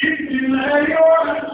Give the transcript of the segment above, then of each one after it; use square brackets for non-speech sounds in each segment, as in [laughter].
Give me your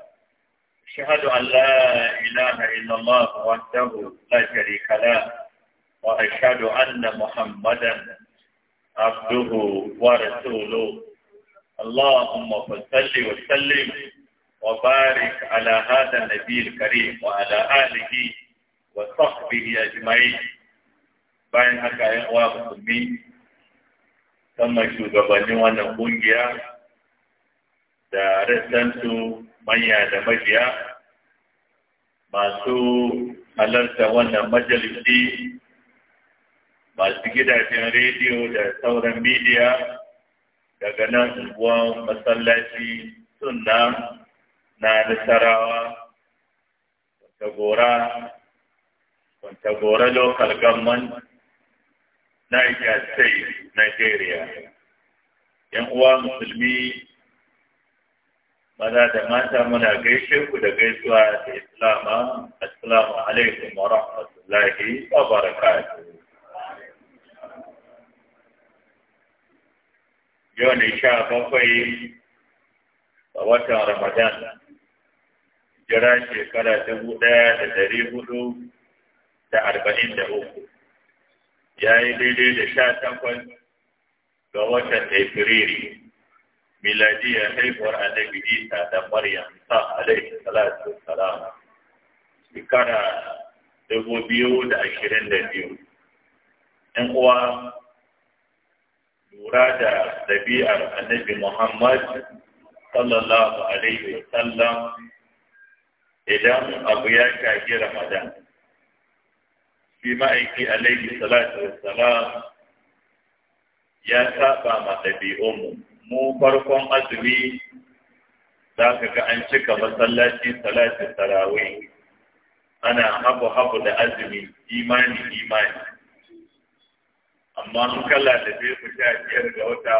شهد أن لا إله إلا الله وحده لا شريك له وأشهد أن محمدا عبده ورسوله اللهم صل وسلم وبارك على هذا النبي الكريم وعلى آله وصحبه أجمعين bayan haka ya wa musulmi sama shugabannin wannan kungiya da rasantu manya da mabiya masu halarta wannan majalisi masu gidajen rediyo da sauran midiya daga nan unguwan masallaci sunna na nasarawa kwantagora kwantagora local government niger state nigeria yan uwa musulmi maza da mata muna gaishe ku da gaisuwa da islama assalamu alaikum wa rahmatullahi wa barakatuh yau ne sha bakwai a watan ramadan jira shekara dubu ɗaya da dari hudu da arba'in da uku ya yi daidai da sha takwas ga watan afrilu miladiyya haihuwar annabi isa da maryam sa alaihi salatu wassalam shekara dubu biyu da ashirin da biyu in uwa lura da ɗabi'ar annabi muhammad sallallahu alaihi wasallam idan abu ya shafi ramadan shi ma'aiki alaihi salatu wassalam ya saba ma ɗabi'unmu mu farkon azumi za ka ga an cika masallaci salatin tarawih ana habu habu da azumi imani imani amma in kalla da zai ku sha biyar ga wata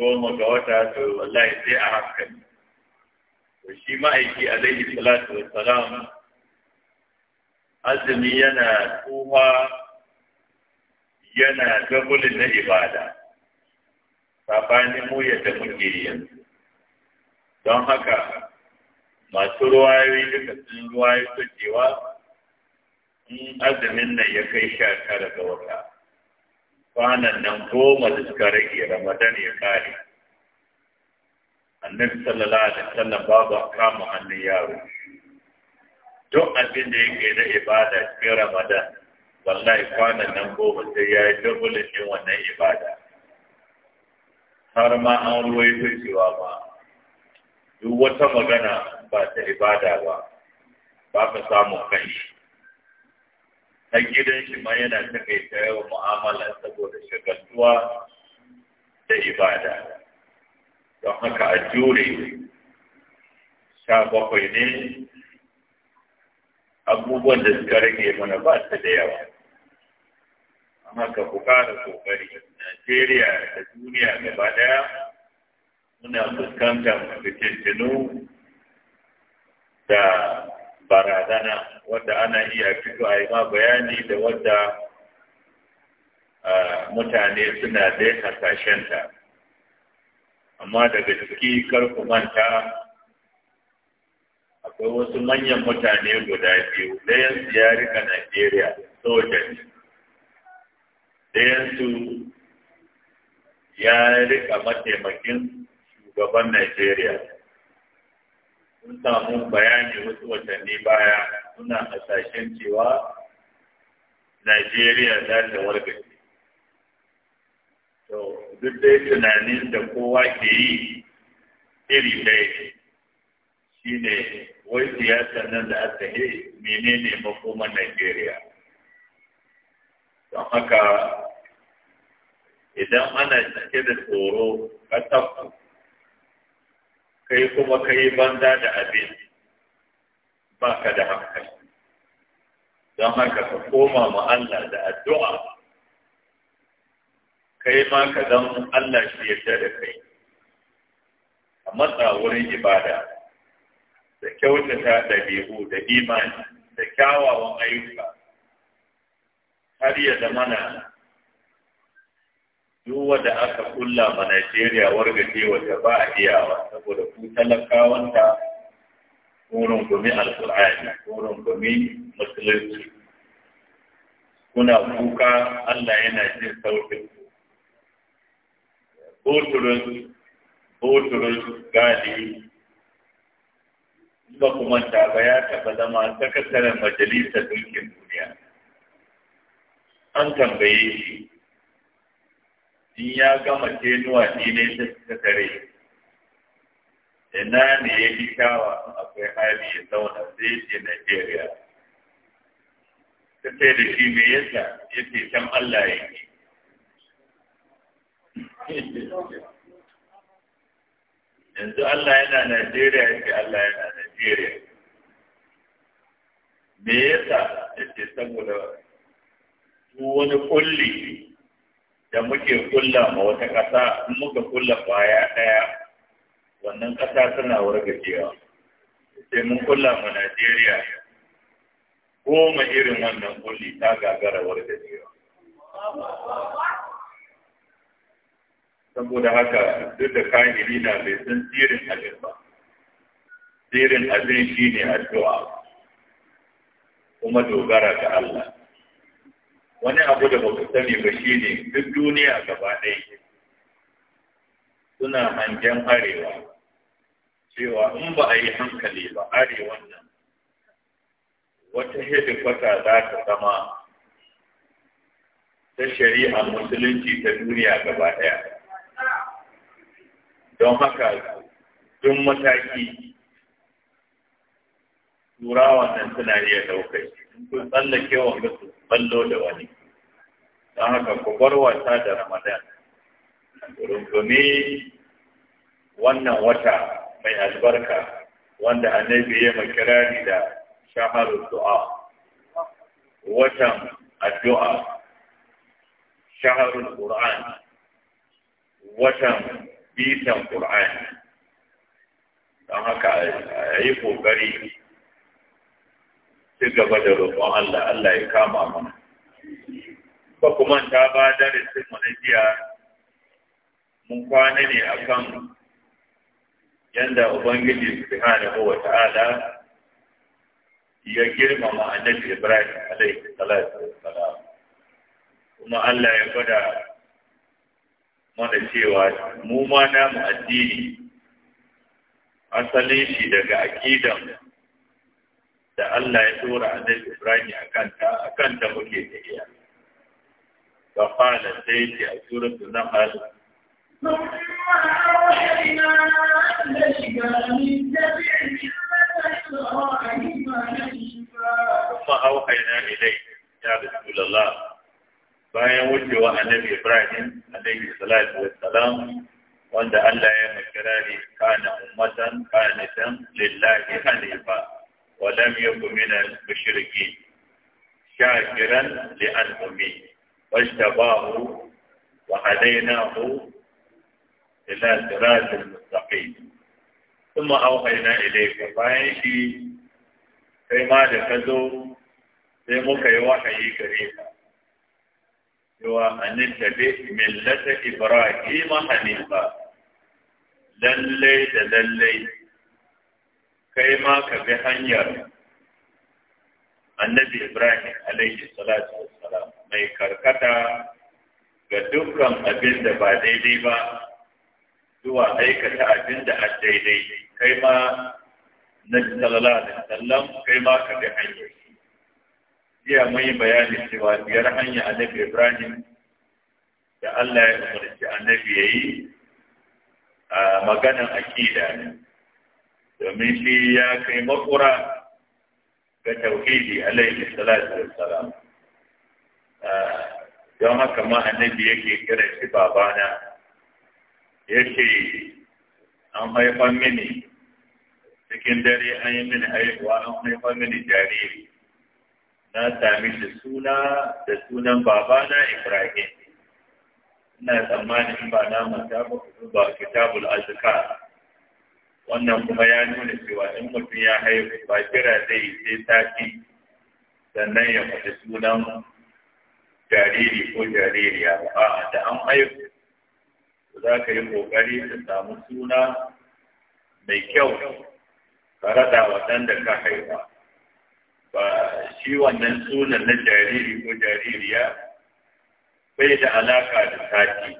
goma ga wata to wallahi sai a hankali to shi ma'aiki alaihi salatu wassalam azumi yana tuhuwa yana gabulin na ibada saɓanin mu yadda muke yanzu don haka masu ruwayoyi duka sun ruwayo su cewa in azumin nan ya kai sha tara ga wata kwanan nan goma da suka rage ramadan ya kare annabi sallallahu alaihi wasallam babu kama hannun yaro duk abin da yake na ibada cikin ramadan wallahi kwanan nan goma sai ya yi dubulin din wannan ibada har ma an ruwaito cewa ba, duk wata magana ba ta ibada ba ba ka samu kai ta gidan shi ma yana takaita yawa mu'amala saboda shagaltuwa da ibada don haka a jure sha bakwai ne abubuwan da suka rage mana ba ta da yawa amma ka ku ƙara kokari Najeriya da duniya gaba ɗaya muna fuskantar fitintinu da barazana wadda ana iya fito a yi ma bayani da wadda ah, mutane suna dai hasashenta amma daga ciki kar ku manta akwai wasu manyan mutane guda biyu ɗayan ya rika Najeriya sojan ɗayansu ya rika mataimakin shugaban Najeriya. Sun samu bayani wasu watanni baya suna hasashen cewa Najeriya za ta wargaje. To, duk dai tunanin da kowa ke yi iri ɗaya shi ne wai siyasar nan da aka yi menene makoman Najeriya. don haka idan ana cike da tsoro ka tafku kai kuma ka yi banza da abin ba ka da hankali don haka ka koma ma Allah da addu'a kai ma ka zan Allah shi yarda da kai a matsa wurin ibada da kyautata ɗabi'u da imani da kyawawan ayyuka har ya zamana duk da aka kulla ma Najeriya ce wadda ba a wa saboda ku talakawanta wurin gumi qurani wurin gumi musulunci kuna kuka Allah yana jin sautin boturus boturus gadi ba kuma ta ba ya taɓa zama sakataren majalisar dukkin duniya an tambaye shi in ya gama tenuwa ne ta ta tare ina ne ya fi shawa akwai hali ya zauna sai ce Najeriya. Ta ce da shi me yasa ya ce can Allah ya ke. Yanzu Allah yana Najeriya ya ce Allah yana Najeriya. Me yasa ya ce saboda wani kulli da muke kulla ma wata ƙasa in muka kulla baya ɗaya wannan ƙasa tana wargajewa sai mun kulla ma Najeriya goma irin wannan kulli ta gagara wargajewa saboda haka duk da kayan na bai san tsirin abin ba tsirin abin shi ne addu'a kuma dogara ga Allah wani abu da ba ku sani ba shi ne duk duniya gaba ɗaya suna hangen arewa cewa in ba a yi hankali ba arewan nan wata hedikwata za ta zama ta shari'a musulunci ta duniya gaba ɗaya don haka duk mataki turawan nan suna iya ɗaukai. ku tsallake wa ga su ballo da wani don haka ku bar wasa da ramadan rungumi wannan wata mai albarka wanda annabi ya makirari da shaharul du'a watan addu'a shaharul qur'an watan bitan qur'an don haka a yi ƙoƙari. ci gaba da roƙon Allah Allah ya kama mana ba kuma ta ba da mu wani jiya mun kwana ne kan yadda ubangiji subhanahu wa ta'ala ya girmama annabi Ibrahim alaihi salatu salam. kuma Allah ya gwada mana cewa mu ma namu addini asalin shi daga mu da Allah ya tura annabi Ibrahim a kanta a kanta muke tafiya fa qala sai ce a tura suratul nahl ثم أوحينا إليه يا رسول الله bayan wucewa annabi Ibrahim alaihi salatu wassalam wanda Allah ya makarari kana ummatan qanitan lillahi hanifa ولم يكن من المشركين شاكرا لأنعمه واجتباه وهديناه إلى صراط المستقيم ثم أوحينا إليك فأنشي في ما sai في yi wahayi gare ka أن annin ملة إبراهيم حنيفا دليت lallai kai ma ka bi hanyar annabi Ibrahim alaihi salatu wassalam mai karkata ga dukkan abin da ba daidai ba zuwa aikata abin da an daidai kai ma na sallallahu alaihi wasallam kai ma ka bi hanyar jiya mun yi bayani cewa biyar hanya annabi Ibrahim da Allah ya umarci annabi yayi a maganan akida ne domin shi ya kai makura ga tauhidi alaihi salatu wassalam ah, don haka ma annabi yake kira shi babana yake an haifan mini cikin dare an yi mini haihuwa an haifan mini jariri na sami shi suna da sunan babana Ibrahim ina tsammanin ba na mata ba kitabul azkar wannan kuma ya nuna cewa in mutum ya haihu ba kira zai sai sati sannan ya faɗi sunan jariri ko jaririya ba a da an haihu za ka yi ƙoƙari ka samu suna mai kyau ka raɗa da ka haifa ba shi wannan sunan na jariri ko jaririya bai da alaƙa da sati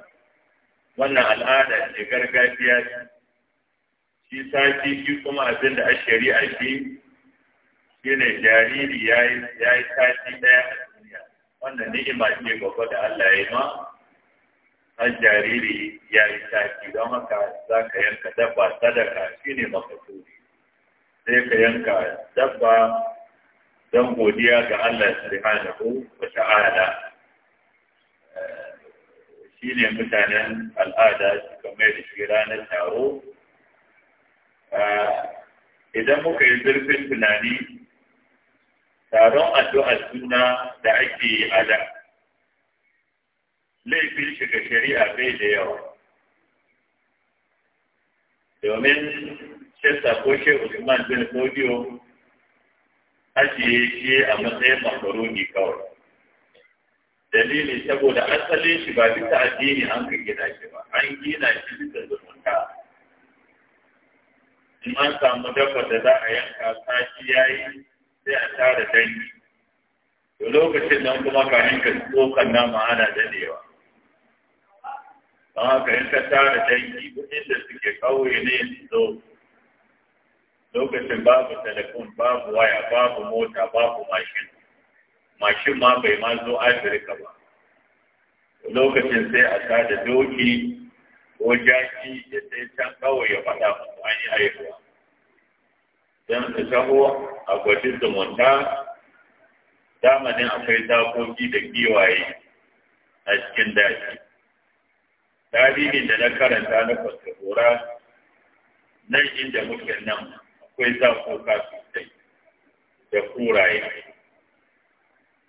wannan al'ada ce gargajiya ce shi sati shi kuma abin da a shari'a shi ne jariri ya yi sati ɗaya a duniya wannan ni'ima ce gaba da Allah ya ma har jariri ya yi sati don haka za ka yanka dabba sadaka shi ne makasuri sai ka yanka dabba don godiya ga Allah subhanahu wa ta'ala eh, shi ne mutanen al'ada suka mai da shi ranar taro idan muka yi zurfin tunani taron addu'a suna da ake yi a da laifin shiga shari'a bai da yawa domin shesa ko she usman bin fodiyo ajiye shi a matsayin makaroni kawai dalili saboda asalin shi ba bisa addini an gina shi ba an gina shi bisa zumunta in samu dabba da za a yanka sati ya yi sai a tara dangi to lokacin nan kuma ka yanka tsokan nama ana da don haka ka ka tara dangi kuɗin da suke kauye ne su zo lokacin babu telefon babu waya babu mota babu mashin mashin ma bai ma zo afirka ba lokacin sai a tada doki ko jaki ya sai can kawai ya faɗa musu an yi haihuwa don su taho a gwajin zumunta zamanin akwai zakoki da giwaye a cikin daji tarihin da na karanta na kwastakora nan inda muke nan akwai zakoka sosai da kuraye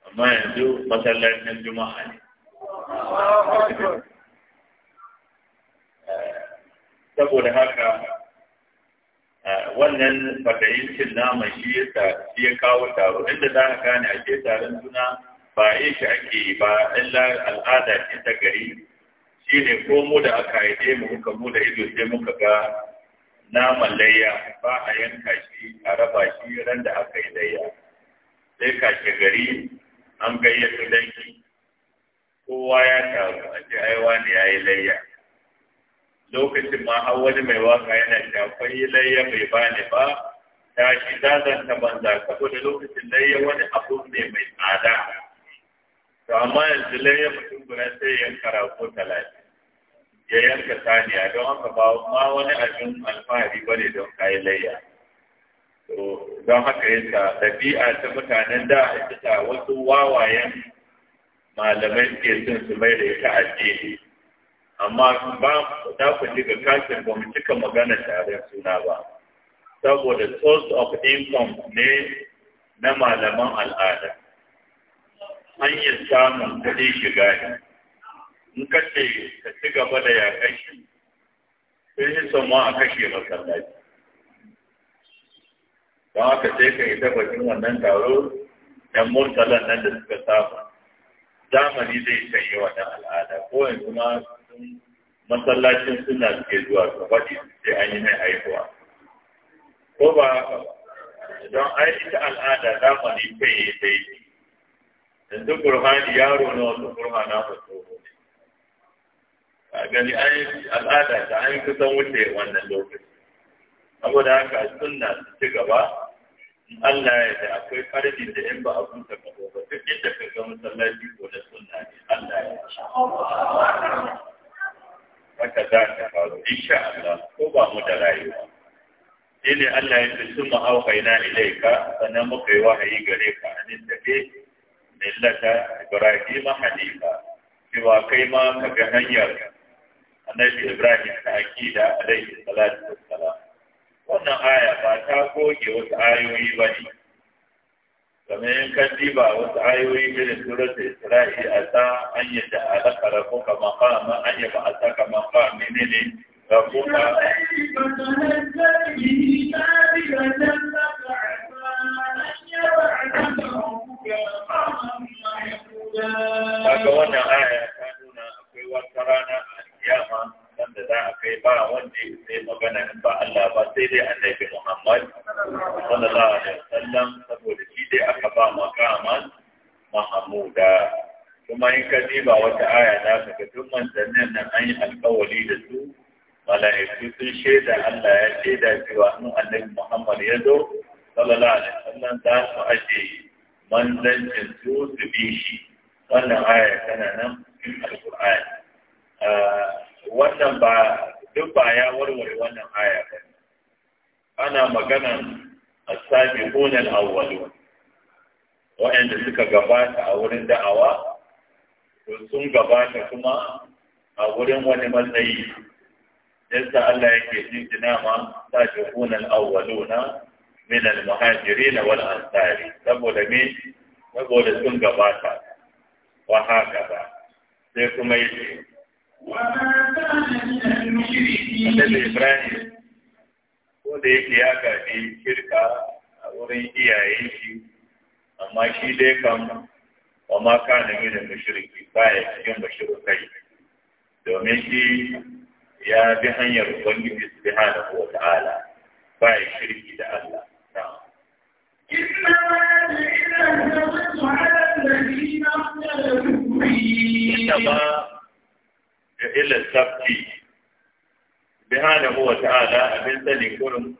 amma yanzu masallacin juma'a ne saboda haka wannan fatayin cin nama shi ya kawo taro inda za a gane a ke taron suna ba yi shi ake yi ba illa al'ada ce ta gari shi ne ko mu da aka haide mu muka mu da ido sai muka ga naman layya ba a yanka shi a raba shi ran da aka yi layya sai kashe gari an gayyata danki kowa ya taru a ce aiwa ne ya yi layya lokacin ma har wani mai waka yana yi layya mai bani ba ta shi zazanta banza saboda lokacin layya wani abu ne mai tsada to amma yanzu layya mutum guda sai yanka rago talatin ya yanka saniya don haka ba ma wani abin alfahari ba ne don kayi layya to don haka yasa ɗabi'a ta mutanen da a cika wasu wawayen malamai ke sun su mai da ita addini amma ba ta ku ga kashin ba mu cika magana tare suna ba saboda source of income ne na malaman al'ada hanyar samun kuɗi shiga ne in ka ce ka ci gaba da ya shi sun yi sama a kashe masallaci don haka sai ka yi tabbacin wannan taro ɗan murtalan nan da suka samu zamani zai sanya wata al'ada ko yanzu ma masallacin suna suke zuwa su faɗi sai an yi mai haihuwa ko ba don ai ita al'ada zamani kai ya sai yanzu burhani yaro na wasu burhana ba tsoro ne a gani an al'ada ta an kusan wuce wannan lokaci saboda haka suna su ci gaba in Allah ya da akwai karfi da in ba a buta kabo ba duk inda ka ga masallaci ko na suna ne Allah ya haka za ta faru insha Allah ko ba mu da rayuwa sai ne Allah ya ce sun ina ilaika sannan muka yi wahayi gare ka anin nan tafe millata Ibrahim Hanifa cewa kai ma ka ga hanyar annabi Ibrahim ta akida alaihi salatu wassalam wannan aya ba ta goge wasu ayoyi ba ne kamar in kan diba wasu ayoyi irin surat isra'i a sa an yi da alaka rafu kama kama an yi ba a sa kama kama menene rafu ka Kaga wannan aya ta nuna akwai wata rana a kiyama wanda za a kai ba wanda ya sai magana in ba Allah ba sai dai annabi Muhammad sallallahu alaihi wasallam saboda shi dai aka ba makaman Mahamuda kuma in ka ba wata aya za ka ga duk manzannin nan an yi alƙawari da su mala'iku sun shaida Allah ya shaida cewa in annabi Muhammad ya zo sallallahu alaihi wasallam za su aje manzancin su su bi shi wannan aya tana nan cikin wannan ba duk ba ya warware wannan aya ba ana magana a sabiqun Hunan awwalun wa'anda suka gabata a wurin da'awa to sun gabata kuma a wurin wani matsayi yadda Allah yake jinjina ma Hunan al-awwaluna min al-muhajirin wal ansari saboda me saboda sun gabata wa haka ba sai kuma yake Annabi Ibrahim, ko da yake ya gaji shirka a wurin iyayen shi, amma shi dai kan wa ma kana min al-mushriki baya cikin kai, domin shi ya bi hanyar ubangiji subhanahu wa ta'ala baya shirki da Allah na'am inna ma ila sabti subhanahu wa ta'ala abin sani kurum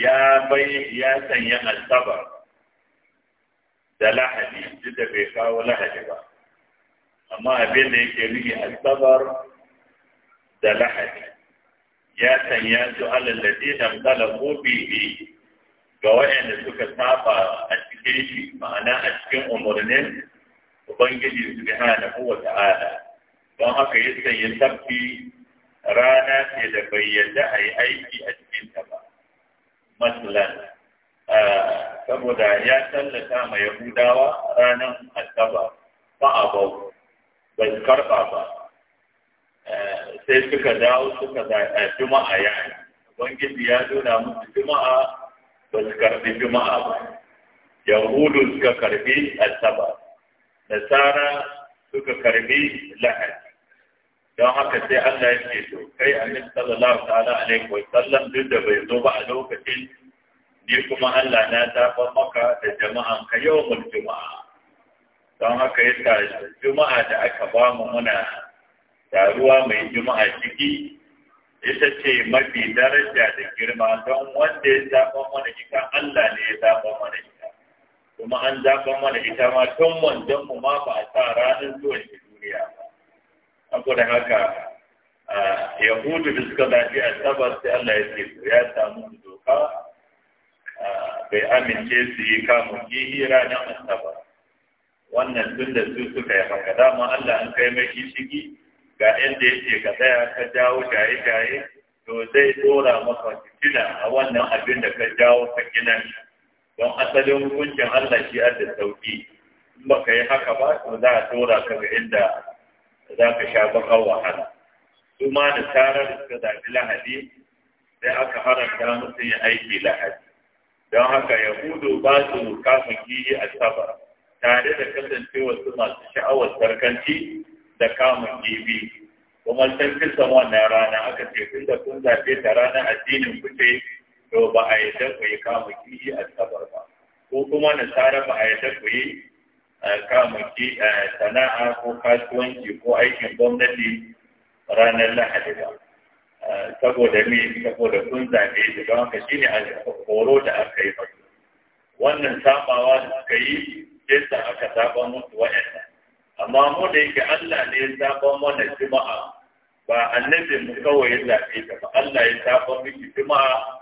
ya bai ya sanya asabar da lahadi duk da bai kawo lahadi ba amma abin da yake nufi asabar da lahadi ya sanya su alalladi da ko bibi ga waɗanda suka saba a cikin ma'ana a cikin umarnin ubangiji subhanahu wa ta'ala don haka ya sanya sabbi rana ce da bai yadda a yi aiki a cikinta ba matsalan saboda ya tallata ma yahudawa ranar asaba ba a bau ba su karɓa ba sai suka dawo suka zaɓa juma'a ya yi ubangiji ya nuna musu juma'a ba su karɓi juma'a ba yahudu suka karɓi asaba nasara suka karbi lahadi don haka sai Allah ya ce to kai annabi sallallahu ta'ala alaihi wa sallam duk da bai zo ba a lokacin ni kuma Allah na zaɓa maka da jama'an ka yawmul juma'a don haka yasa juma'a da aka ba mu muna taruwa mai juma'a ciki ita ce mafi daraja da girma don wanda ya zaɓa mana ita Allah ne ya zaɓa mana ita kuma an zaɓa mana ita ma tun wanzan mu ma ba a sa ranar zuwan shi duniya ba da haka yahudu da suka a asabar sai Allah ya ce ya samu doka bai amince su yi kamun kihi ranar asabar wannan tun da su suka yi haka dama Allah an kai mai shigi ga inda ya ce ka tsaya ka jawo jaye-jaye to zai dora maka fitina a wannan abin da ka jawo ka gina shi don asalin hukuncin Allah shi an da sauki in ba ka yi haka ba to za a tura ka ga inda za ka sha bakar wahala su ma da tarar suka zaɓi lahadi sai aka haramta musu yin aiki lahadi don haka yahudu ba su kafin kiyi a saba tare da kasancewa su masu sha'awar sarkanci da kamun kifi kuma sun fi wannan rana aka ce tun da kun zaɓe ta ranar addinin ku to ba a yadda ku yi kama kiji a sabar ba ko kuma tsara ba a yadda ku yi kama ki sana'a ko kasuwanci ko aikin gwamnati ranar lahadi ba saboda me saboda kun zaɓe shi don haka shine a horo da aka yi masu wannan sabawa da suka yi sai aka saba musu wa'anda amma mu da yake Allah ne ya saba mana jima'a ba annabin mu kawai ya zaɓe ta ba Allah ya saba miki jima'a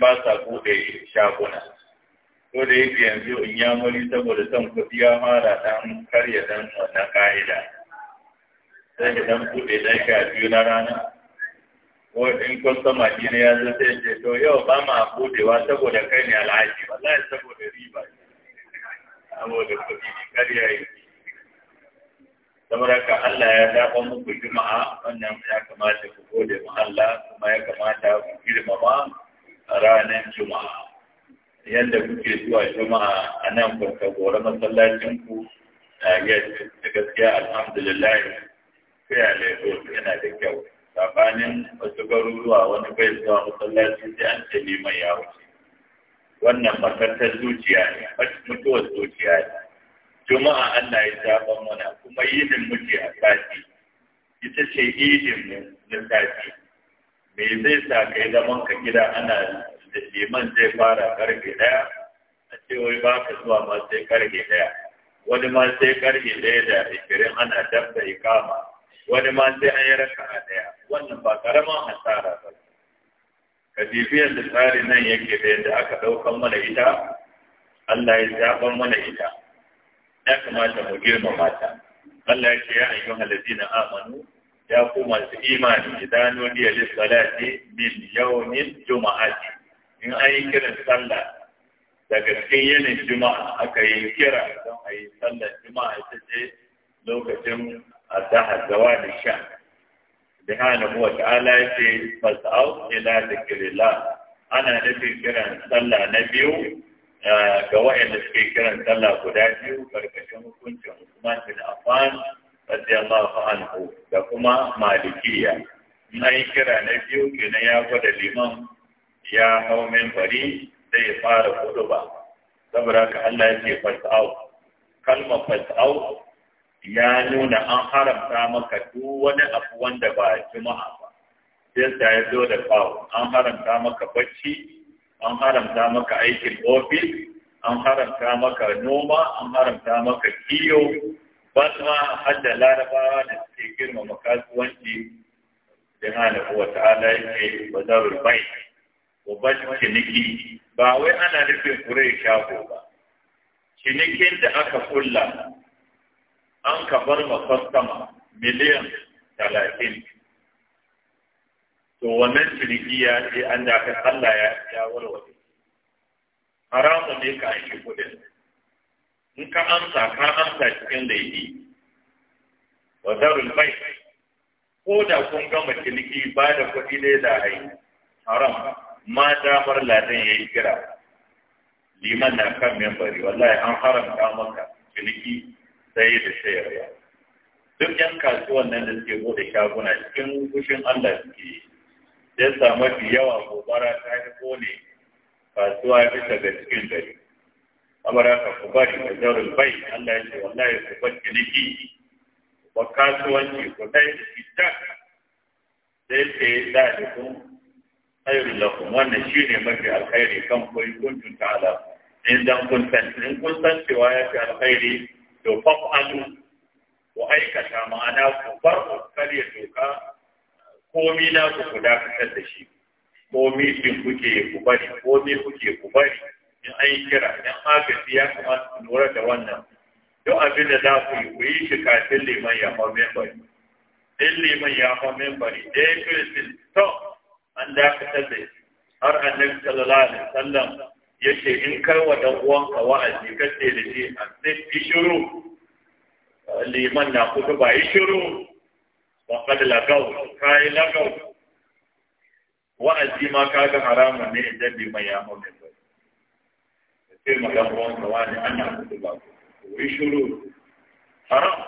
ba sa buɗe shaguna. Ko da yake yanzu in ya muri saboda son kuɗi ya mara ɗan karya ɗan wannan ƙa'ida. Sai ka ɗan buɗe ɗan biyu na rana. Ko in kwastama ɗina ya zo sai ce to yau ba ma buɗewa saboda kai ne alhaji wallahi saboda riba Saboda kuɗi ne karya yi. saboda ka Allah ya dafa muku juma'a wannan ya kamata ku gode mu Allah kuma ya kamata ku girmama a ranar juma'a yadda kuke zuwa juma'a a nan kwanka gora masallacin ku a da gaskiya alhamdulillah ya laifin yana da kyau sabanin wasu garuruwa wani bai zuwa masallaci sai an ce neman ya wuce wannan makantar zuciya ne mutuwar zuciya ne juma'a Allah ya zaɓa mana kuma yinin muke a sati ita ce idin mu na sati me zai sa kai zaman ka gida ana liman zai fara karfe daya a ce wai ba ka zuwa ma sai karfe daya wani ma sai karfe daya da ikirin ana dabda da ikama wani ma sai an yi raka a daya wannan ba karaman hasara ba kadifiyar da tsari nan yake da yadda aka ɗaukan mana ita Allah ya zaɓar mana ita ya kamata mu girmama ta Allah ya ce ya ayyuhal ladina amanu ya ku masu imani idan wani ya lissalati min juma'ati in an yi kiran sallah daga cikin yinin juma'a aka yi kira don a yi sallar juma'a ita ce lokacin azahar zawa da sha subhanahu wa ta'ala ya ce fas'au ila dhikrillah ana nufin kiran sallah na biyu eh, ga wa'anda suke kiran sallah guda biyu karkashin hukuncin Usman da Affan radiyallahu anhu da kuma malikiya na yi kira na biyu kenan ya gwada liman ya hau membari ya fara kudu ba saboda ka Allah ya ce fasau Kalma fasau ya nuna an haramta maka duk wani abu wanda ba juma'a ba sai sa ya zo da fawo an haramta maka bacci an haramta maka aikin ofis an haramta maka noma an haramta maka kiyo wasu ma hadda larabawa da suke girmama kasuwanci da wa ta'ala yake bazarul bai babban ciniki ba wai ana nufin kure shago ba cinikin da aka kulla an ka bar ma kwastama miliyan talatin to wannan ciniki ya ce an da Allah ya ya warware haramun ne ka aiki kudin in ka amsa ka amsa cikin laifi wa zarul bai ko da kun gama ciniki ba da kuɗi ne da ai haram ma damar ladan yayi kira liman na kan membari wallahi an haramta maka ciniki sai da sayarwa duk yan kasuwan nan da suke bude shaguna cikin kushin Allah suke yi sai mafi yawa gobara ta fi kone kasuwa bisa ga cikin gari amara ka ku shi da jarin bai Allah ya ce wallahi ku ni ciniki ba kasuwanci ku dai da ta? sai ce da da kun khairul lakum wannan shine mafi alkhairi kan ku in kuntum ta'ala in dan kun san in kun san cewa ya fi alkhairi to fa ku aikata ma'ana ku bar ku karya doka komi na ku ku dakatar da shi komi din kuke ku bari komi kuke ku bari in an yi kira in agaji ya kamata ku lura da wannan duk abin da za ku yi ku yi shi kafin liman ya hau membari in liman ya hau membari da ya kirisin to an dakatar da shi har annabi sallallahu alaihi wasallam ya ce in kai wa dan uwanka wa'azi ka ce da shi a sai shiru liman na kudu ba yi shiru wa kad lagau kai lagau wa'azi ma kaga haramun ne idan liman ya hau membari ce ma ruwan uwan ka wani ana kudu ba ku yi shiru haram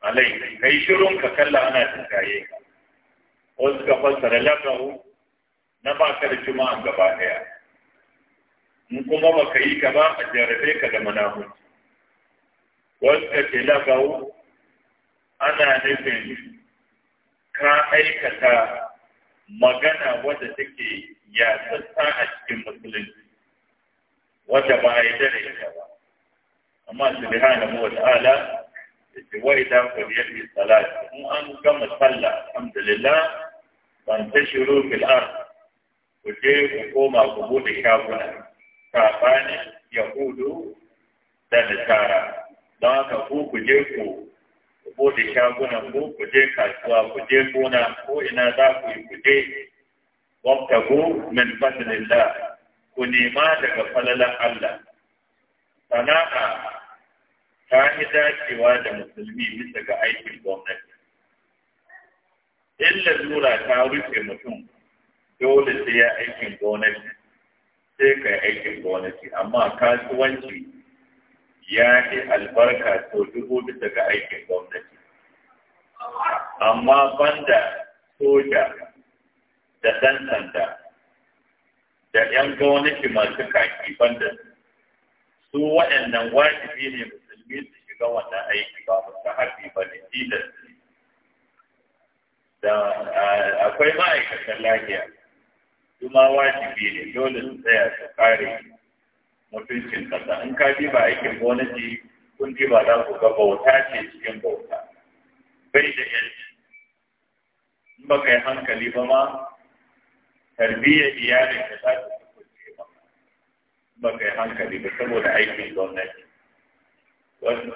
alai kai shirun ka kalla ana tsaye ka wasu ka fassara lagawo na ba ka da juma'an gaba ɗaya, in kuma ba ka yi ka ba a jarabe ka da munafunci wasu ka ce lagawo ana nufin ka aikata magana wadda take yasassa a cikin musulunci wata ba a yi da ita ba amma subhanahu wa ta'ala yace wa idza qudiyat salat in an gama sallah alhamdulillah ban tashiru fil ard ku je ku koma ku bude shaguna sabani yahudu da nasara don haka ku ku je ku bude shagunan ku ku je kasuwa ku je gona ko ina za ku yi ku je wabtagu min fadlillah ku nema daga falalan Allah sana'a ta yi dacewa da musulmi bisa ga aikin gwamnati in lalura ta rufe mutum dole sai ya aikin gwamnati sai ka yi aikin gwamnati amma kasuwanci ya yi albarka sau dubu bisa ga aikin gwamnati amma banda soja da ɗan sanda da ‘yan gwamnati masu kaki banda su waɗannan wajibi ne musulmi su shiga wannan aiki ba musu haɗi ba ne da akwai ma'aikatan lafiya ma wajibi ne dole su tsaya su kare mutuncin ƙasa in ka bi ba aikin gwamnati kun ji ba za ku ga bauta ce cikin bauta bai da yanci in ba ka yi hankali ba ma tarbiyyar iyalin da za ta kusurce ba ba kai hankali ba saboda aikin gwamnati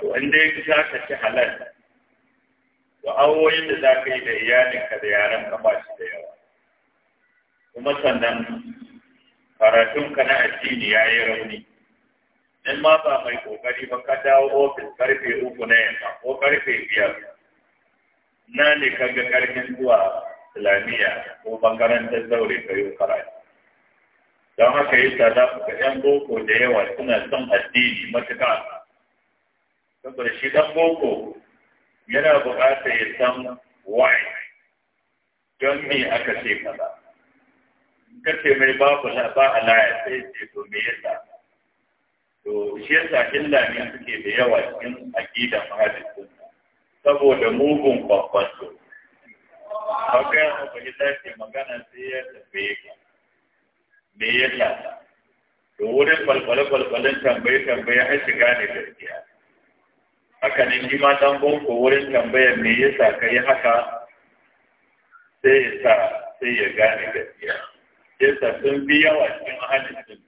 wanda ya za ka ci halal wa awoyin da za ka yi da ka da yaran ka ba shi da yawa kuma sannan ka na addini ya yi rauni in ma ba mai kokari ba ka dawo ofis karfe uku na yamma ko karfe biyar na ne ka ga karfin zuwa islamiyya ko makarantar zaure ta yi karatu don haka yi ta za ga yan boko da yawa suna son addini matuƙa saboda shi ɗan boko yana buƙatar ya san why don me aka ce kaza kace mai babu ba a laya sai ce to me yasa to shi yasa illa ne suke da yawa cikin aqidar mahadin saboda mugun babban su ka gaya maka ya magana sai ya tambaye ka me ya sa to wurin balbale-balbalen tambaye-tambaye har shiga ne gaskiya haka ne shi ma dan wurin tambayar me ya sa ka yi haka sai ya sa sai ya gane gaskiya yasa sun bi yawa cikin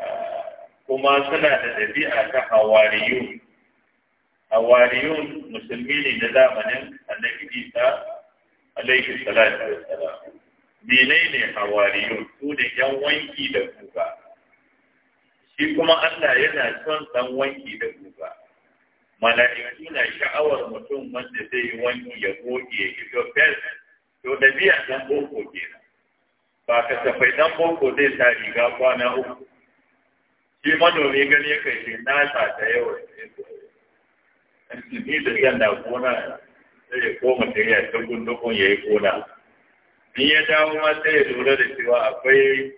ah, kuma suna da ɗabi'a ta hawariyu hawariyun musulmi ne na zamanin annabi isa alaihi salatu wa salam menene hawariyun su ne yan wanki da kuka? shi kuma Allah yana son san wanki da Mana mala'iku na sha'awar mutum wanda zai yi wanki ya goge ya fito fes to da biya dan boko kenan ba kasafai dan boko zai sa riga kwana uku shi manomi gani ya kai shi na ta yau ni da tafiyan da gona sai ko materiya ta gundukun ya yi gona in ya dawo ma sai ya lura da cewa akwai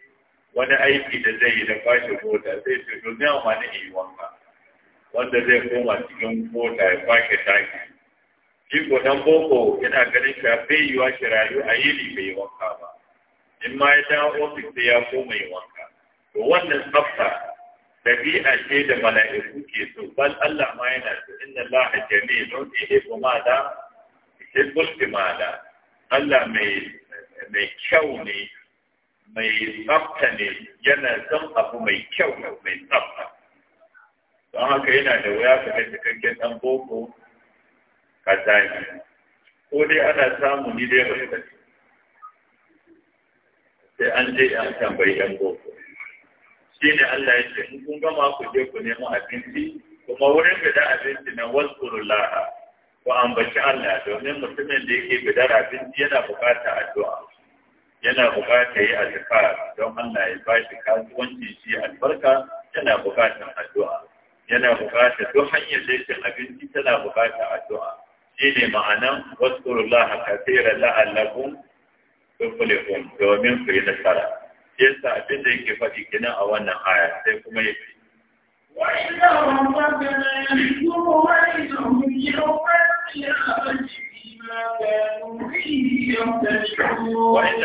wani aiki da zai yi da kwashe mota sai ce amma amfani yi wanka wanda zai koma cikin mota ya kwashe taki shi ko dan boko yana ganin shi bai yiwa shi rayu a yini bai wanka ba in ma ya dawo ofis sai ya koma yi wanka to wannan tsafta Ɗabi'a ce da mala'iku ke so bal Allah ma yana so inna Allah jamilun yuhibbu ma da yuhibbu ma da. Allah mai kyau ne mai tsafta ne yana son abu mai kyau mai tsafta don haka yana da wuya ka ga cikakken dan boko ka zai ko dai ana samu ni dai ba sai an je an tambayi yan boko shi ne Allah ya ce in kun gama ku je ku nemi abinci kuma wurin bida abinci na waskurullaha ku ambaci Allah domin mutumin da yake bidar abinci yana bukata addu'a yana bukata yi azkar don Allah ya bashi kasuwanci shi albarka yana bukatar addu'a yana bukata duk hanyar da yake abinci tana bukatar addu'a shi ne ma'anan waskurullaha kaseera la'allakum tuflihun domin ku yi nasara yasa abin da yake faɗi kenan a wannan aya sai kuma ya fi. Wa'inda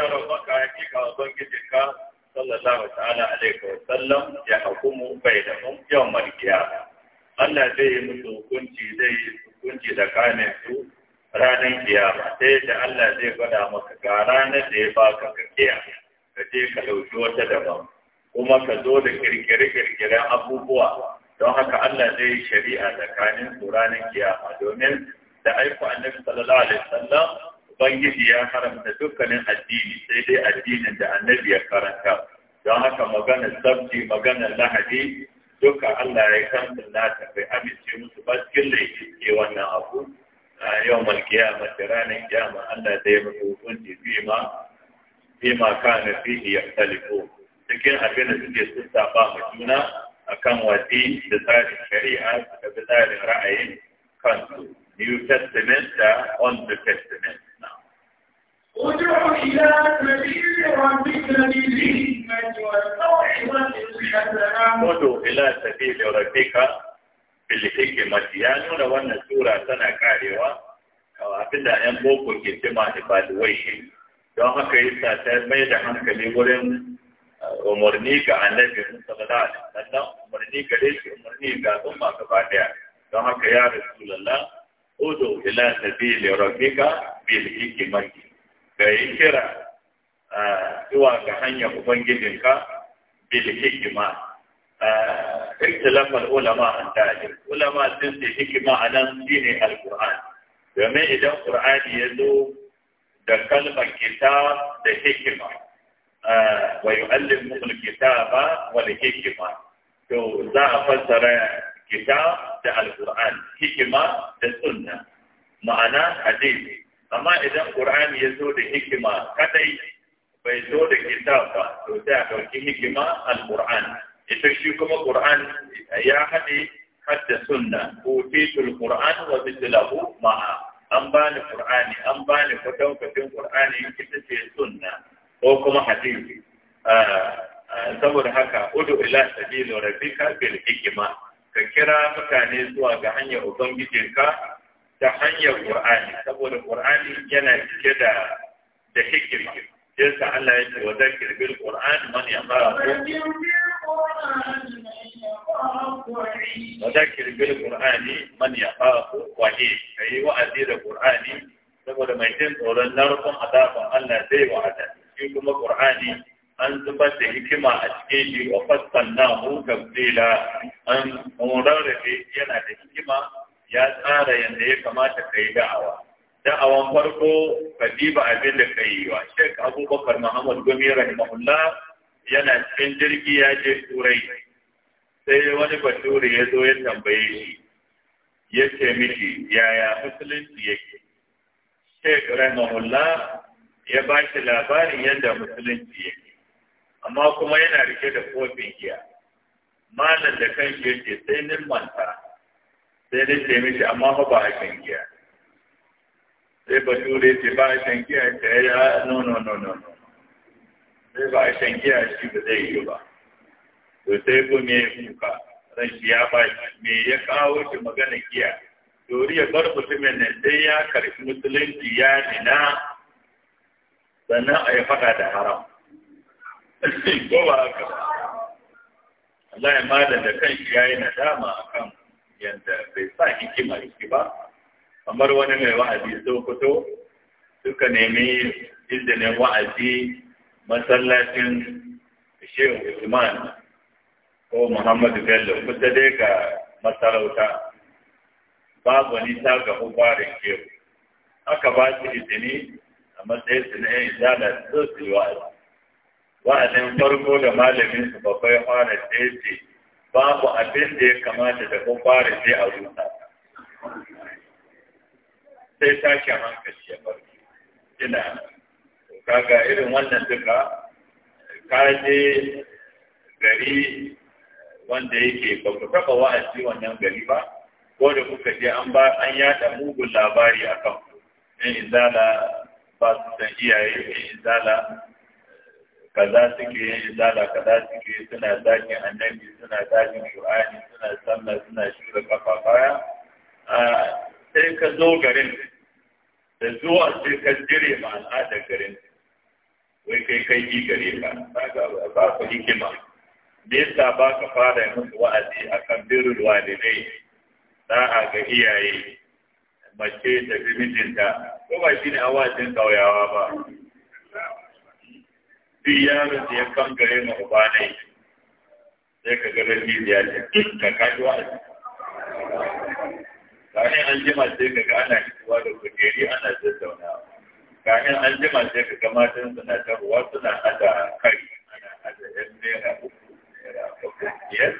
rabbaka ya fi ga Ubangijinka sallallahu ta'ala alaihi wa sallam ya hukumu bai da mun yau Allah zai yi musu hukunci zai yi hukunci da kanin su ranar kiyama sai da Allah zai gwada maka ga ranar da ya baka ka kiyama. ka je ka ɗauki wata daban kuma ka zo da kirkire-kirkiren abubuwa don haka Allah zai yi shari'a tsakanin ranar kiyama domin da aiko annabi sallallahu alaihi wasallam ubangiji ya haramta dukkanin addini sai dai addinin da annabi ya karanta don haka magana sabti maganar lahadi duka Allah ya kansula ta kai amince musu baskin da laifi ke wannan abu a yau malkiyama da ranar kiyama Allah zai musu hukunci fi ma bima kana fihi yahtalifu cikin abin da suke sustaba ma juna akan wasi da tsarin shari'a da tsarin ra'ayin kansu New Testament uh, da the Testament ادع إلى سبيل ربك بالحكمة والموعظة الحسنة ادع إلى سبيل ربك بالحكمة يعني لو أن سورة سنة كاريوة أو أبدا أن بوكو كتما evaluation don haka yasa ta mai da hankali wurin uh, umarni ga annabi sallallahu alaihi Sannan umarni gare shi umarni ga umma gaba daya don haka ya rasulullah udu ila sabili rabbika bil hikmati kai kira uh, zuwa ga hanyar ubangijinka bil hikma uh, ikhtilafal ulama an ta'lim ulama sun ce hikima anan shine alquran domin idan qur'ani ya zo كتب كتاب لحكمة ويؤلف مثل كتابة ولحكمة تو ذا فسر كتاب القرآن حكمة للسنة معنى حديثي أما إذا القرآن يزود حكمة كتي ويزود كتابة تو ذا حكمة القرآن يتشيكم القرآن يا حدي حتى سنة أوتيت القرآن ومثله معه an bani qur'ani an bani kwatankwacin qur'ani ita ce sunna ko kuma hadisi saboda haka udu ila sabili rabbika bil hikma ka kira mutane zuwa ga hanyar ubangijinka ta hanyar qur'ani saboda qur'ani yana cike da da hikima sai Allah ya ce wa zakir bil qur'ani man yaqra'u وذكر بالقرآن من يخاف وعيد wa'azi da القرآن saboda mai jin tsoron narkon azaban Allah zai wa'ada shi kuma Qur'ani an zubar da hikima a cikin shi wa fassalna hu tafsila an rarrabe yana da hikima ya tsara yadda ya kamata ka yi da'awa da'awan farko ka diba abin da ka yi wa Sheikh Abubakar Muhammad Gumi rahimahullah yana cikin jirgi ya je Turai sai wani bature ya zo ya tambaye shi ya ce miki yaya musulunci yake sheikh rahimahullah ya ba shi labarin yadda musulunci yake amma kuma yana rike da kofin giya malam da kan shi yake sai nin manta sai ni ce miki amma fa ba a shan giya sai bature ce ba a shan giya ta ya no no no no sai ba a shan giya shi ba zai yi ba to sai ko me kuka ran shi ya ba me ya kawo shi magana giya dori ya bar mutumin nan dai ya karfi musulunci ya dina sannan a yi faɗa da haram [laughs] ko ba haka Allah ya mada da kan shi ya yi nadama a kan yadda bai sa hikima shi ba kamar wani mai wa'azi sun fito suka nemi izinin wa'azi masallacin Shehu Usman ko muhammad Bello kusa dai ga masarauta babu ta ga hubarin kewa. aka ba su izini a matsayin su na yan izala su su yi wa'azi wa'azin farko da malamin su babbai fara da ce babu abin da ya kamata da hubarin sai a rusa sai ta ke hankali ya farki ina kaga irin wannan duka ka je gari wanda yake ba ku taɓa wa'azi wannan gari ba ko da kuka je an ba an yada mugun labari a kan in izala ba su san iyaye in izala kaza suke yin izala kaza suke suna zagin annabi suna zagin shu'ani suna sallah suna shura kafa baya sai ka zo garin da zuwa sai ka jire ma al'adar garin wai kai kai yi gare ka ba ku hikima me ba ka fara yi musu wa'azi kan birin walidai a ga iyaye mace da bi mijinta ko ba shi ne awajin kauyawa ba duk yaron da ya kangare ma uba ne sai ka ga rashi ya ce ka kashi wa'azi kayan an jima sai ka ga ana fitowa da kujeri ana zazzauna kayan an jima sai ka ga matan suna tarwa suna hada kai ana hada yan nera uku yes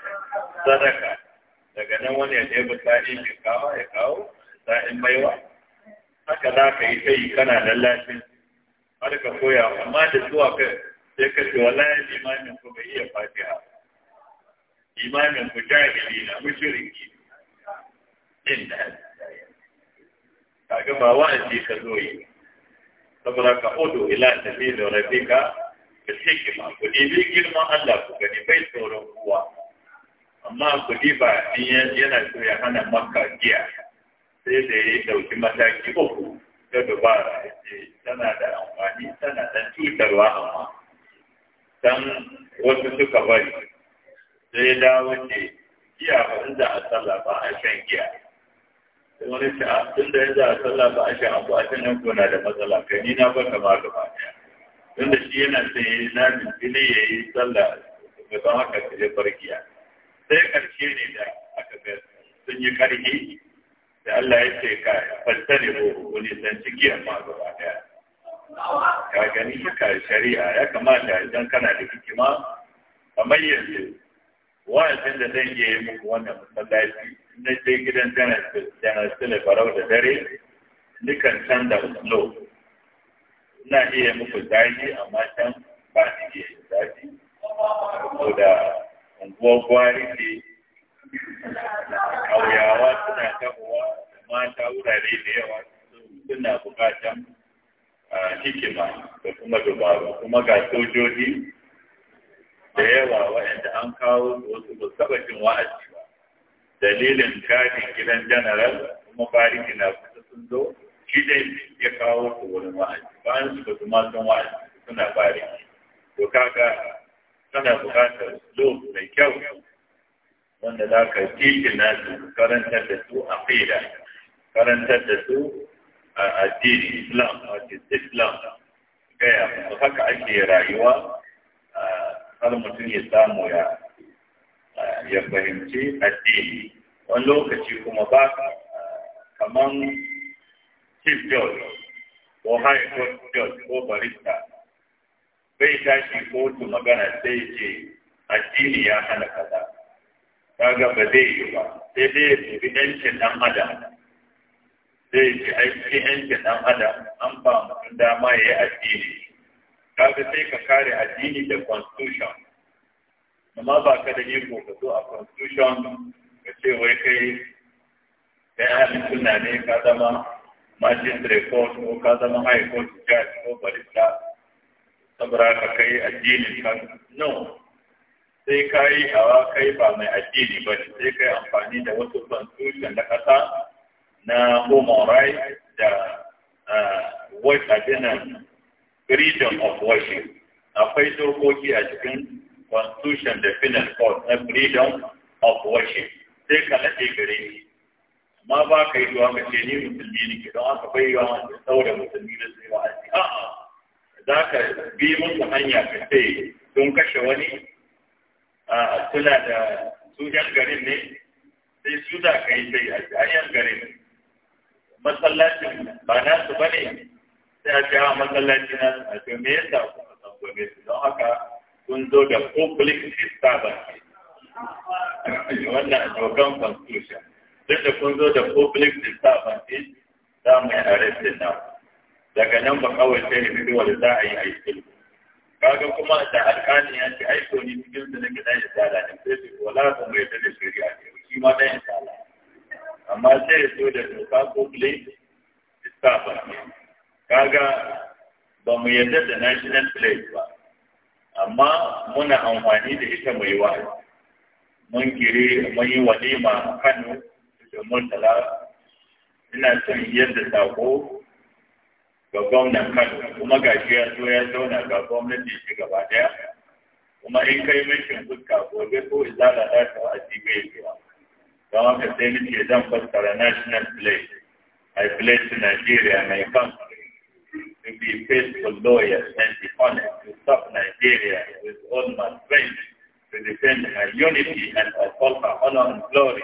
sadaka daga nan wani ya ɗaya sa'in shinkawa ya kawo sa'in baiwa? haka za ka yi ta yi kana da lafi har ka koya amma da zuwa ka sai ka ce wallahi limamin ku bai iya fatiha limamin ku jahili na mushriki din da kaga ba wa'azi ka zo yi saboda ka odo ila tafi da rabbika ka shekima ku nemi girman Allah ku gani bai tsoron amma Kudiba in yana so ya hana maka giya sai da ya dauki mataki uku ta dubara ya ce tana da amfani tana da cutarwa amma dan wasu suka bari sai dawo ce giya ba in za a sallah ba a shan giya sai wani ce a ah, tun da ya za a sallah ba a shan abu a can yan kuna da matsala Ka ni na ka ma gaba ɗaya tun da shi yana sai na ne ya yi sallah ga ba haka ta je bar giya sai ƙarshe ne da aka ga sun yi ƙarfi da Allah ya ce ka fanta ne ko wani san ciki amma gaba daya ka gani haka shari'a ya kamata idan kana da hikima kamar yanzu wa'azin da zan yi muku wannan masallaci na je gidan janar sule farau da dare dukan canza uslo ina iya muku zafi amma can ba ni iya zafi unguwar gwari ce suna tahowa da mata wurare da yawa suna bukatan hikima da kuma dubaru kuma ga sojoji da yawa waɗanda an kawo wasu ba saba jin wa'azi ba dalilin gadin gidan janaral kuma bariki na kusa sun zo shi dai ya kawo su wani wa'azi bayan su ba su ma san wa'azi suna bariki to kaga kana buƙatar lo mai kyau wanda za ka na su karantar da su a fida karantar da su a addini islam a islam gaya ba haka ake rayuwa har mutum ya samu ya ya fahimci addini wani lokaci kuma ba kaman chief judge ko high court ko barista bai tashi kotu magana sai ce addini ya hana kaza kaga ba zai yi ba sai dai ya tafi yancin dan adam zai ce aiki yancin dan adam an ba mutum dama ya yi addini kaga sai ka kare addini da constitution amma ba ka da iko ka zo a constitution ka ce wai kai ɗan halin suna ne ka zama magistrate court ko ka zama high court judge ko barista saboda ka kai addinin ka no sai ka yi hawa kai ba mai addini ba ne sai ka yi amfani da wasu constitution da ƙasa na human rights da what abinan freedom of worship akwai dokoki a cikin constitution da final court na freedom of worship sai ka naɗe gare ni amma ba ka yi zuwa ka ce ni musulmi ne ke don haka bai yawan da saura musulmi na sai wa a'a za ka bi musu hanya ka ce don kashe wani a suna da su yan garin ne sai su da ka yi sai a yan garin masallacin ba nasu ba ne sai a cewa masallaci nasu a ce me yasa kuma san gobe su don haka kun zo da public disturbance wannan dokan constitution duk da kun zo da public disturbance za mu yi arrestin ku. daga nan ba kawai sai ne fito da za a yi aiki. kaga kuma da alƙalin ya ce ai ni cikin su nake ya isala ne sai su wala ko mai da da shari'a ne shi ma dan isala amma sai so da doka ko play ne kaga ba mu yarda da national play ba amma muna amfani da ita mai wa'azi mun kire mun yi walima a Kano da Murtala ina son yadda sako ga gwamnan Kano kuma ga ya so ya zauna ga gwamnati shi gaba daya kuma in kai mai fuska gobe ko izala za ta wa asibe ya don haka sai zan fassara national play I play to Nigeria my country to be faithful lawyers and be honest to stop Nigeria with all my strength to defend her unity and her honor and glory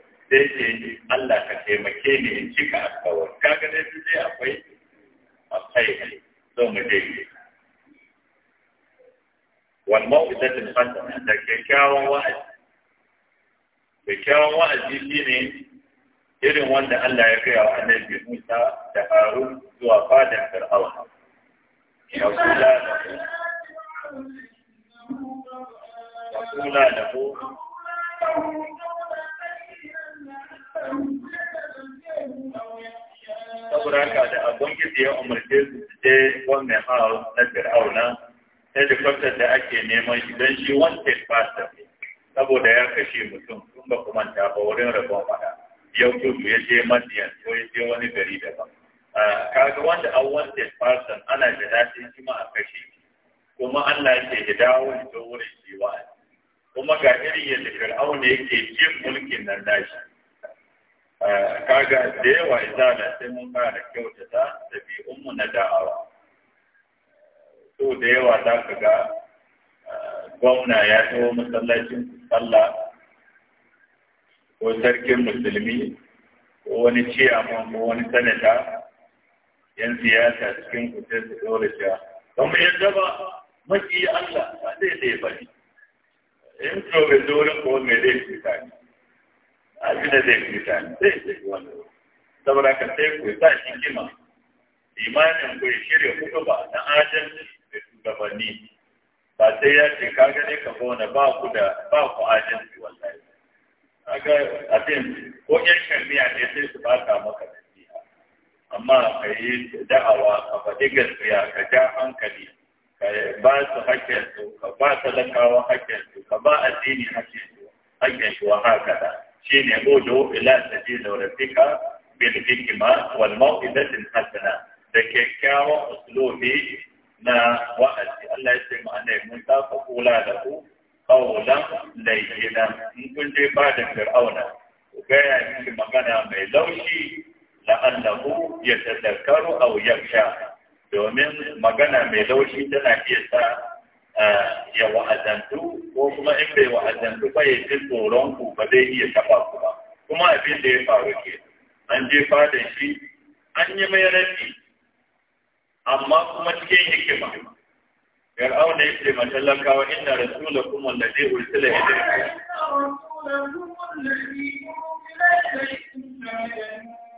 sai ke Allah ka taimake ni in cika alkawar kaga dai su dai akwai asai zo mu dai wal mau'izatul hasana da kyakkyawan wa'azi kyakkyawan wa'azi shine irin wanda Allah ya kai wa annabi Musa da Harun zuwa fadar Fir'auna yaqula lahu yaqula lahu saboda haka da abin ya umarce su je wannan house na fir'auna sai da da ake neman shi don shi wanted pastor saboda ya kashe mutum sun ba kuma ta ba wurin rabon fada yau kudu ya je madiyan ko ya je wani gari daban ah, kaga wanda an wanted person ana da daɗin shi ma a kashe shi kuma Allah yake ya dawo ya zo wurin shi kuma ga irin yadda fir'auna yake jin mulkin nan nashi Eh, kaga da yawa da sai mun da kyautata ɗabi'unmu na da'awa so da yawa za ka ga eh, gwamna ya taho masallacin sallah ko sarkin musulmi ko wani ciyaman ko wani sanata yan siyasa cikin kusa su ɗora shi ba mu yadda ba maki Allah ba zai zai bari in so bai zo wurin ko mai zai fita ne abin da zai fita zai fi wani. saboda ka sai ku sa shi kima imanin ku shirya kuka ba na adalci da shugabanni ba sai ya ce ka gane ka zauna ba ku da ba ku su wallahi kaga abin ko yan shari'a ne sai su ba ka maka nasiha amma ka yi da'awa ka faɗi gaskiya ka ja hankali ka ba su hakkin ka ba talakawa hakkin ka ba addini hakkin su hakkin wa haka da shi ne gojo ila sabi da rafika bil hikima wal mau'izatin hasana da kyakkyawan uslubi na wa'azi Allah ya ce mu annabi mun ta fa da ku qawlan layyinan in kun je ba da fir'auna ku gaya ya magana mai laushi la'allahu yatadakkaru aw yakhsha domin magana mai laushi tana iya sa Eh, ya wa’azantu ko kuma in bai wa’azantu ba ya fi tsoronku ba zai iya shafa ku ba kuma abin da ya faru ke an je da shi an yi mai rafi amma kuma cikin hikima yar au ne yake mata lankawa inna rasula kuma da zai ulsula ya zai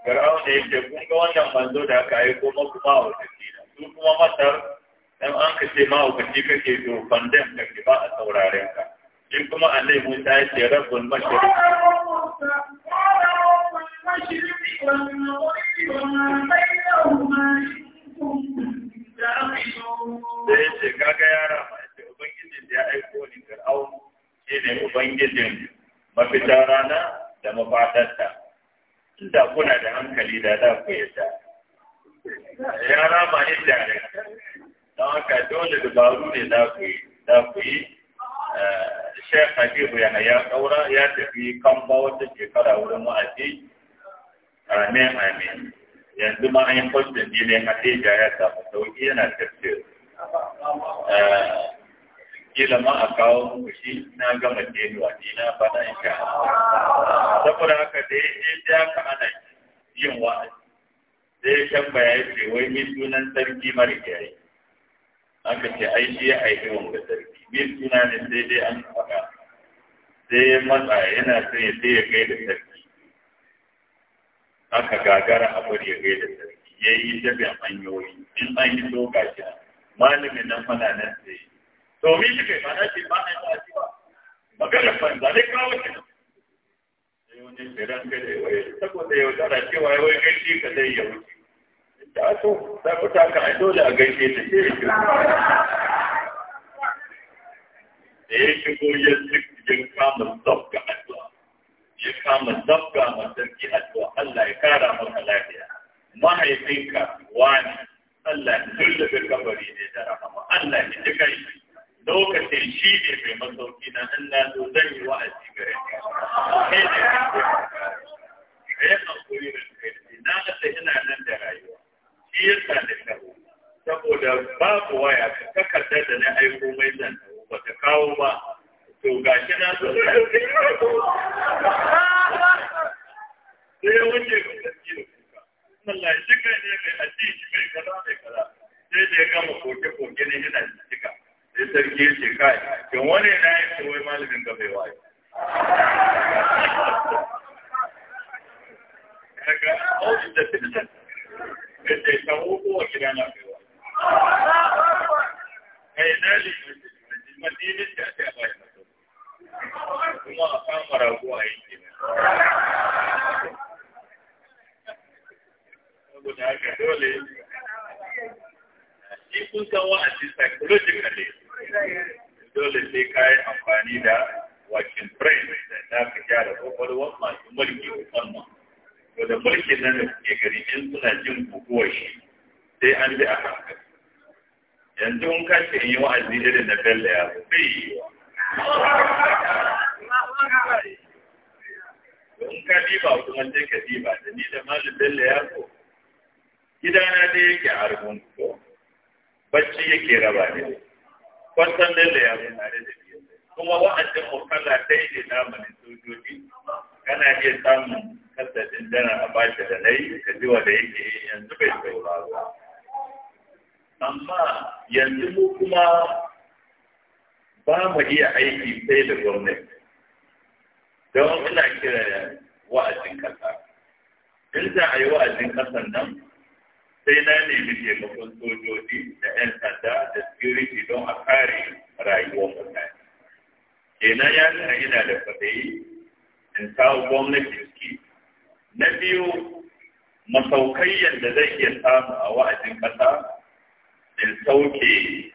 yar au ne yake kun ga wannan manzo da aka yi kuma kuma a wata kila su kuma Masar. in an ka ce mahaukaci kake to ka ke ba a sauraren ka in kuma annai musa ya ce rabbul mashriq da ya ce kaga yara ma ya ce ubangijin da ya aiko ni fir'aun shi ne ubangijin mafita rana da mafadarta inda kuna da hankali da za ku yadda yara ma ne da don haka dole dabaru ne za ku yi za ku yi eh, shek habibu yana ya ɗaura ya tafi kamba wata shekara wurin wa'azi amin amin yanzu ma an yi kwastin ne ne hadija ya samu sauki yana tafsir eh, kila ma a kawo muku shi na gama tenuwa wa na faɗa in sha saboda haka dai in da ka ana yin wa'azi sai shan bayani wai mai sunan sarki marigayi aka ce ai shi ya haifi ga sarki bin suna ne sai dai an faɗa sai ya matsa yana son ya sai ya kai da sarki aka gagara a bari ya kai da sarki ya yi tafiyan hanyoyi in an yi doka gashi malamin nan fana nan sai to mi shi kai fana ce ba a yi ba magana banza dai kawo shi sai wani shirin kai da waye saboda yaudara cewa ya wai kai shi ka zai ya wuce ta so ta fita ka a dole a gaishe ta ce da ya shigo ya zikin kama zabga addu'a ya kama zabga ma sarki addu'a Allah ya kara maka lafiya mahaifinka wani Allah ya lullube kabari ne da rahama Allah ya ji kai lokacin shi ne mai masauki na Allah na zan yi wa'azi gare ka kai ne ka yi hankali da kai na ta ina nan da rayuwa yasa da taho saboda babu waya ka takarda da na aiko mai nan ba ta kawo ba to gashi na zo sai ya wuce ba ta ciye Allah shi kai ne mai addini shi mai kaza mai kaza sai da ya gama koke koke ne yana cika sai sarki ya ce kai kin wani na yi tsawai malamin ga bai wayo kaga oh, auki da da sai samu kowa gida na kaiwa. da aka bayan a Saboda haka dole dole sai ka yi amfani da wakin da kwakwalwar masu mulki musamman. wanda mulkin nan da suke gari in suna jin kukuwar shi sai an bi a hankali yanzu in ka ce in yi wa'azi irin na bella ya bai yi wa in ka diba kuma sai ka diba da ni da malam bella ya so gidana da yake a harbin ko bacci yake raba ne kwanton bella ya so tare da biyu kuma wa'azin mu kala yi ne namanin sojoji kana iya samun kasafin dana a bashi da nai ka ji da yake yanzu bai saura ba amma yanzu mu kuma ba mu iya aiki sai da gwamnati don ina kira wa'azin kasa in za a yi wa'azin kasan nan sai na nemi taimakon sojoji da 'yan sanda da security don a kare rayuwar mutane kenan ya nuna ina da kwaɗayi in kawo gwamnati ciki na biyu masaukayyar da zai iya samu a wa'azin ƙasa in sauke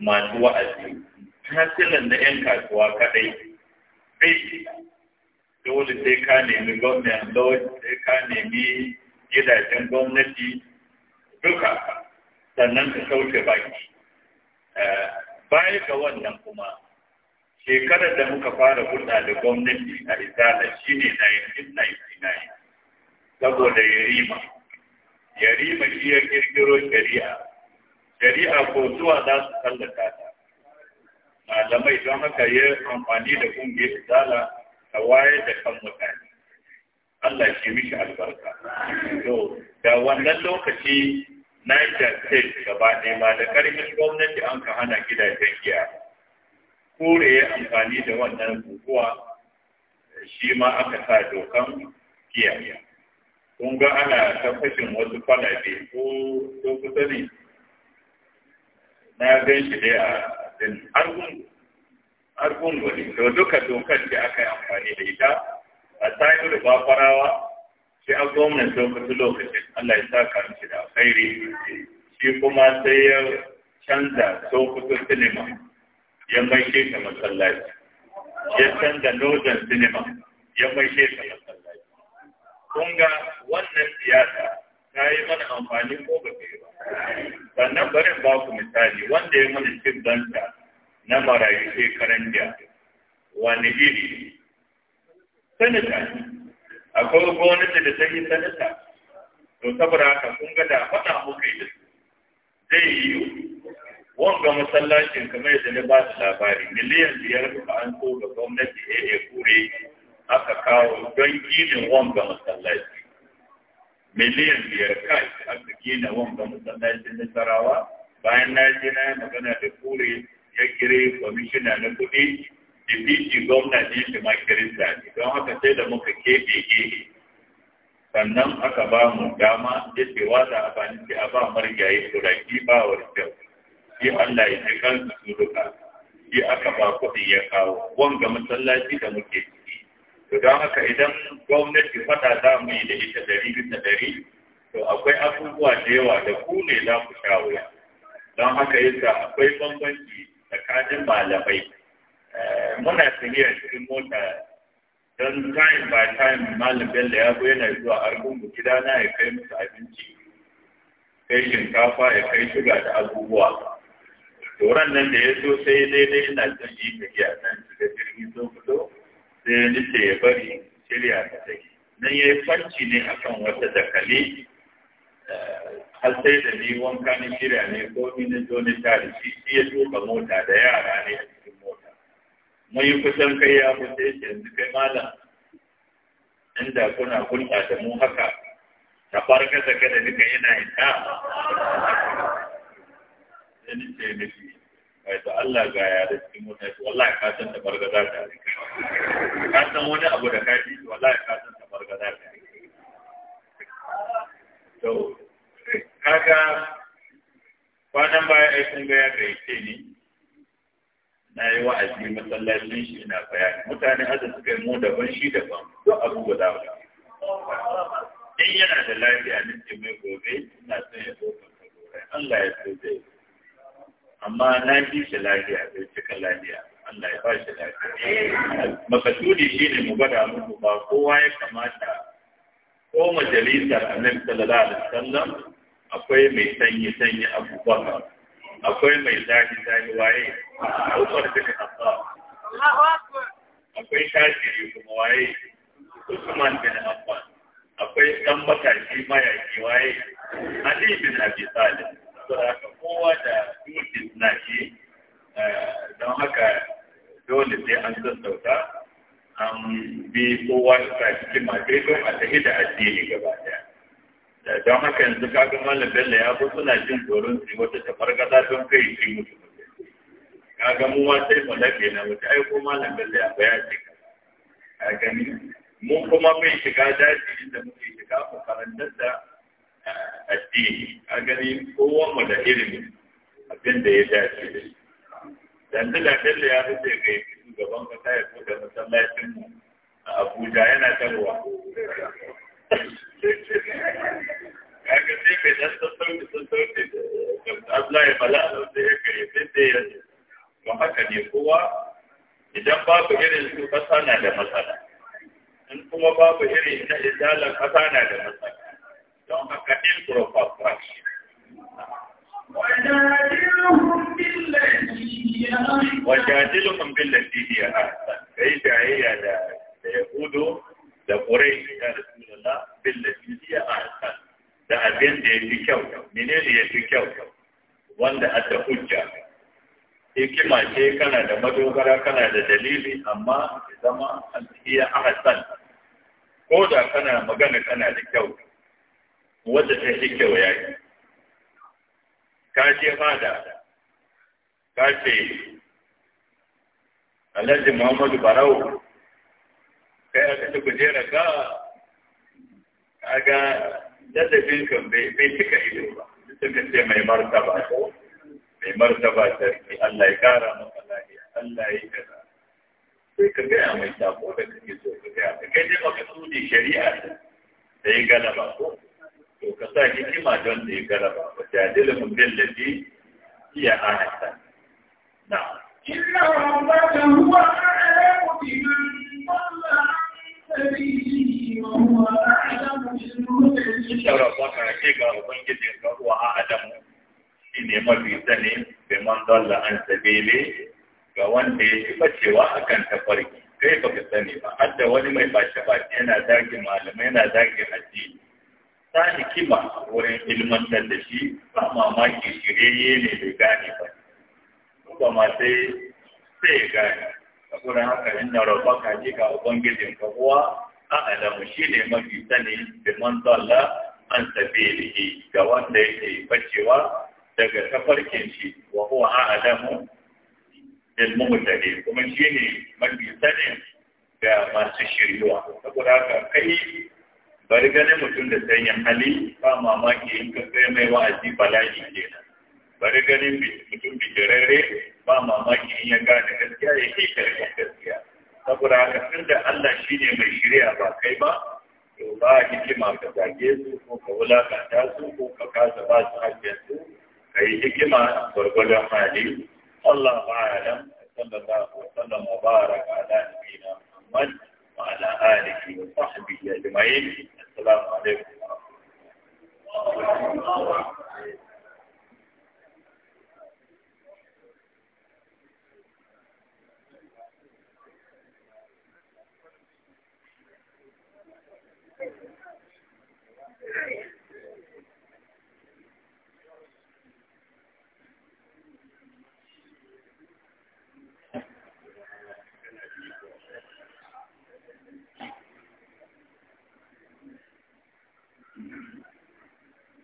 masu wa'azi tasirin na 'yan kasuwa kaɗai bai dole sai ka nemi gwamnan lord sai ka nemi gidajen gwamnati duka sannan ka sauke baki eh, baya ga wannan kuma shekarar da muka fara hulɗa da gwamnati a Isala shi ne 1999 saboda yarima. Yarima shi ya kirkiro shari'a, shari'a ko zuwa za su tallata ta. Malamai don haka ya amfani da ƙungiyar Isala ta wayar da kan mutane. Allah shi mishi albarka. To, da wannan lokaci Niger State gaba ɗaya ma da ƙarfin gwamnati an ka hana gidajen giya. kore ya amfani da wannan guguwa shi ma aka sa dokan kiyaye kun ga ana ta fashin wasu kwalabe ko ko kusa ne na gan shi dai a din argun argun wani to duka dokar da aka yi amfani da ita a tsayin ruba farawa shi a gwamnan lokacin lokacin Allah ya sa saka mishi da alkhairi shi kuma sai ya canza sokoto sinima ya maishe ta masallaci ya san da lodan sinima ya maishe ta masallaci kun ga wannan siyasa ta yi mana amfani ko ba ta yi ba sannan barin ba ku misali wanda ya mana cin zanta na marayu shekaran da wani iri sanata akwai gwamnati da ta yi sanata to saboda haka kun ga da faɗa muka yi da su zai yi wanga masallacin kamar yadda na ba su labari miliyan biyar da an so ga gwamnati ya a kure aka kawo don ginin wanga masallaci miliyan biyar kai aka gina wanga masallacin nasarawa bayan na ji na magana da kure ya kire kwamishina na kuɗi dipiti gwamna ne shi ma ne don haka sai da muka keɓe gehe sannan aka ba mu dama ya ce wata a ba a ba marigayi turaki ba sai Allah ya ce kansu su ruka sai aka ba kuɗi ya kawo wanga masallaci da muke ciki to don haka idan gwamnati fada za mu yi da ita dari bisa dari to akwai abubuwa da yawa da ku ne za ku shawo don haka yasa akwai bambanci tsakanin malamai eh, muna tafiya cikin mota don time by time malam bello ya zo yana zuwa argungu gidana ya kai musu abinci kai shinkafa ya kai shuga da abubuwa to nan da ya so sai daidai ina son yi ta a nan da jirgin sun fito sai ya nufe ya bari shirya ta take nan ya yi farci ne a kan wata dakali eh, har sai da ni wanka ni shirya ne ko ni na zo ni ta shi shi ya tuka mota da yara ne a cikin mota mun yi kusan kai ya fi sai ce yanzu kai malam inda kuna hulɗa da mu haka ta farka da kada duka yana yi sai ni ce mishi kai to Allah ga da cikin mota to wallahi ka san da bargaza ta ka san wani abu da ka ji wallahi ka san da bargaza ta to kaga kwanan baya ai sun ga ya ce ni na yi wa'azi masallaci shi ina bayani mutane hada suka yi mu daban shi daban duk abu guda ba in yana da lafiya ce mai gobe ina son ya zo kan Allah ya so zai amma na ji shi lafiya bai cika lafiya Allah ya ba shi lafiya makasudi ne mu gada muku ba kowa ya kamata ko majalisar annabi sallallahu alaihi wasallam akwai mai sanyi sanyi abubuwa akwai mai zafi zafi waye Abubakar duka Abba akwai kafiri kuma waye Usman bin Affan akwai dan matashi mayaki waye Ali bin Abi Talib saboda kowa da ikin na shi eh, don haka dole sai an sassauta an bi kowa da cikin makarikon a tafi da addini gaba daya don haka yanzu kaga malam bello ya fi suna jin tsoron su wata tafargaza don kai shi mutu kaga mu ma sai mu lafe na mutu ai ko malam bello ya baya ce kaga ni mu kuma mai shiga daji inda muke shiga makarantar da addini a gani kowan mu da irin abin da ya dace da shi da dalla ya fice ga shugaban kasa ya buɗe masallacin mu a Abuja yana tarwa kaga sai kai dan sauke sassauci Allah ya bala sai ya kai sai da ya ba haka ne kowa idan babu irin su kasa na da matsala in kuma babu irin na idalan kasa na da matsala don ka kaɗin group of fraction. Wajadilukum billati hiya ahsan. Kai jayayya da Yahudu da Quraysh da Rasulullah billati ya ahsan. Da abin da fi kyau, menene fi kyau? Wanda adda hujja. Hikima ce kana da madogara kana da dalili amma zama hiya ahsan. Ko da kana magana kana da kyau, wadda ta shi yi ka ba fada ka ce alhaji muhammadu barau kai aka ci kujera A ga ladabin kan bai cika ido ba suka ce mai martaba ko mai martaba sarki Allah ya kara maka lafiya Allah ya kaza sai ka gaya mai sabo da kake so ka gaya kai dai baka tsudi shari'a da ya galaba ko to ka sa hikima don da ya garaba ba jadilhum billati hiya ahsan na'am inna rabbaka huwa a'lamu biman dhalla an sabilihi wa huwa a'lamu bil muhtadin inna rabbaka hakika ubangijin ka huwa a'lamu ne mafi sani biman dhalla an sabili ga wanda ya ci bacewa akan tafarki kai baka sani ba hadda wani mai bashe bace yana zagin malamai yana zagin addini Sani kima wurin ilmantar da shi ba mamaki shirye ne bai gane ba ba ma sai sai ya gane a gurin haka inda rabba ka ji ka ubangijin ka kuwa a alamu shi ne mafi sani da an tafi da ga wanda yake bacewa daga tafarkin shi wa kuwa a alamu kuma shi ne mafi sani da masu shiryuwa saboda haka kai bari ganin mutum da sanyin hali ba mamaki in ka kai mai wa'azi bala'i kenan bari ganin mutum bijirarre ba mamaki in ya gane gaskiya ya ke karshen gaskiya saboda haka tun da Allah shi ne mai shirya ba kai ba to ba hikima ka zage su ko ka wulakanta su ko ka kasa ba su hajjar su ka yi hikima gwargwadon hali Allah ba ya nan sallallahu alaihi wa sallam wa ala nabiyina Muhammad وعلى آله وصحبه أجمعين Assalamu alaikum.